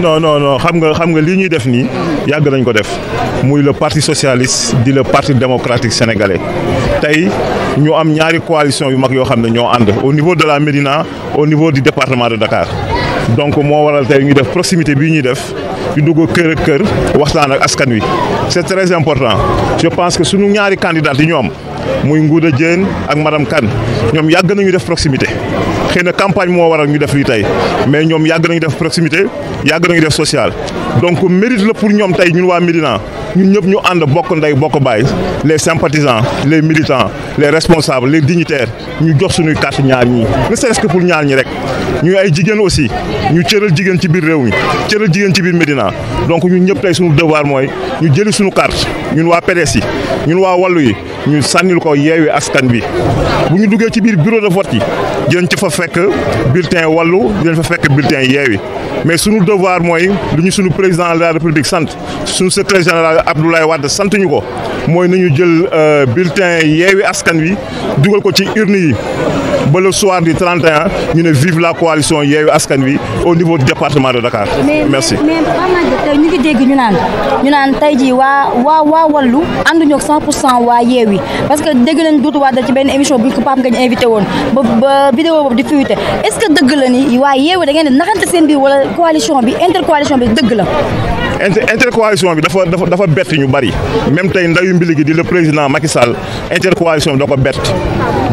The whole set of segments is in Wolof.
non non non xam nga xam nga lii ñuy def nii yàgg nañ ko def muy le parti socialiste di le parti démocratique sénégalais tey ñu am ñaari coalition yu mag yoo xam ne ñoo ànd au niveau de la Médina au niveau di département de Dakar donc moo waral tey ñu def proximité bii ñuy def di dugg kër ak kër waxtaan ak askan wi c'est très important je pense que suñu ñaari candidat yi ñoom muy Ngouda Diène ak madame kan ñoom yàgg nañu def proximité. xëy na campagne moo waral ñu def lii tey mais ñoom yàgg nañu def proximité yàgg nañu def social donc mérite la pour ñoom tey ñun waa Médina ñun ñëpp ñu ànd bokk ndey bokk baay les sympathisants les militants les responsables les dignitaires ñu jox suñuy carte ñaar ñi ne serait-ce que pour ñaar ñi rek ñu ay jigéen aussi ñu cëral jigéen ci biir réew mi cëral jigéen ci biir Médina donc ñun ñëpp tey suñu devoir mooy ñu jëli suñu carte ñun waa PDS yi ñun waa wàllu yi ñu sànnil ko yeewi askan bi bu ñu duggee ci biir bureau de vote yi jën ci fa fekk bulletin wàllu dinañ fa fekk bulletin yeewi mais sunu devoir mooy lu ñu sunu président de la république sant sunu secrétaire général Abdoulaye Wade sant ñu ko mooy nañu jël euh, bulletin yeewi askan wi dugal ko ci urne yi ba le soir du 31 ñu ne vive la coalition Yewwi Askan Wi au niveau du département de Dakar. merci mais mais mais ñu ngi dégg ñu naan ñu naan tey jii waa waa waa wàllu ànduñu ak 100 waa Yewwi parce que dégg nañ Doudou Wade ci benn émission bu ko Pape Ngagne invité woon ba ba vidéo boobu di fuité est-ce dëgg la ni waa Yewwi da ngeen di naxante seen biir wala coalition bi intercoalition bi dëgg la. intercoalition bi dafa dafa dafa bett ñu bari même tey ndayu mbili gi di le président Macky Sall intercoalition bi da ko bett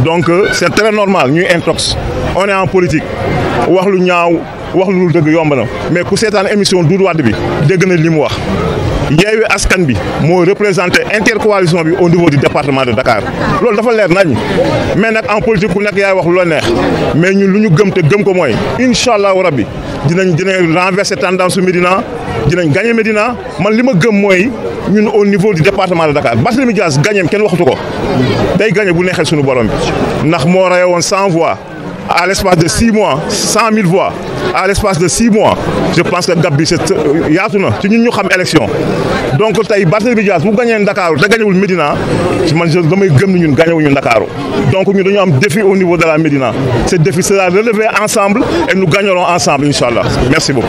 donc euh, c'est très normal ñuy intox on est en politique wax lu ñaaw wax lu dëgg yomb na mais ku seetaan émission du Wade bi dégg na li mu wax. Yewwi Askan bi moo représenté intercoalition bi au niveau du département de Dakar loolu dafa leer nañ mais nag en politique ku nekk yaay wax lu la neex mais ñun lu ñu gëm te gëm ko mooy incha allahu dinañ dinañ renverser tendance su Médina dinañ gagné Médina man li ma gëm mooy ñun au niveau du département de Dakar Barthélémy Dias gagné kenn waxatu ko day gagné bu neexee suñu borom bi ndax moo rayoon sans voix. à l'espace de six mois cent mille voix à l'espace de six mois je pense que gab bi c'est euh, yaatu na ci ñun ñu xam élection donc tey Barthélémy Dias bu gañee Ndakaaru te gañewul Médina man je damay gëm ni ñun gañewuñu Ndakaaru donc ñu dañu am défi au niveau de la Médina ce défi sera relevé ensemble et nous gagnerons ensemble incha allah merci beaucoup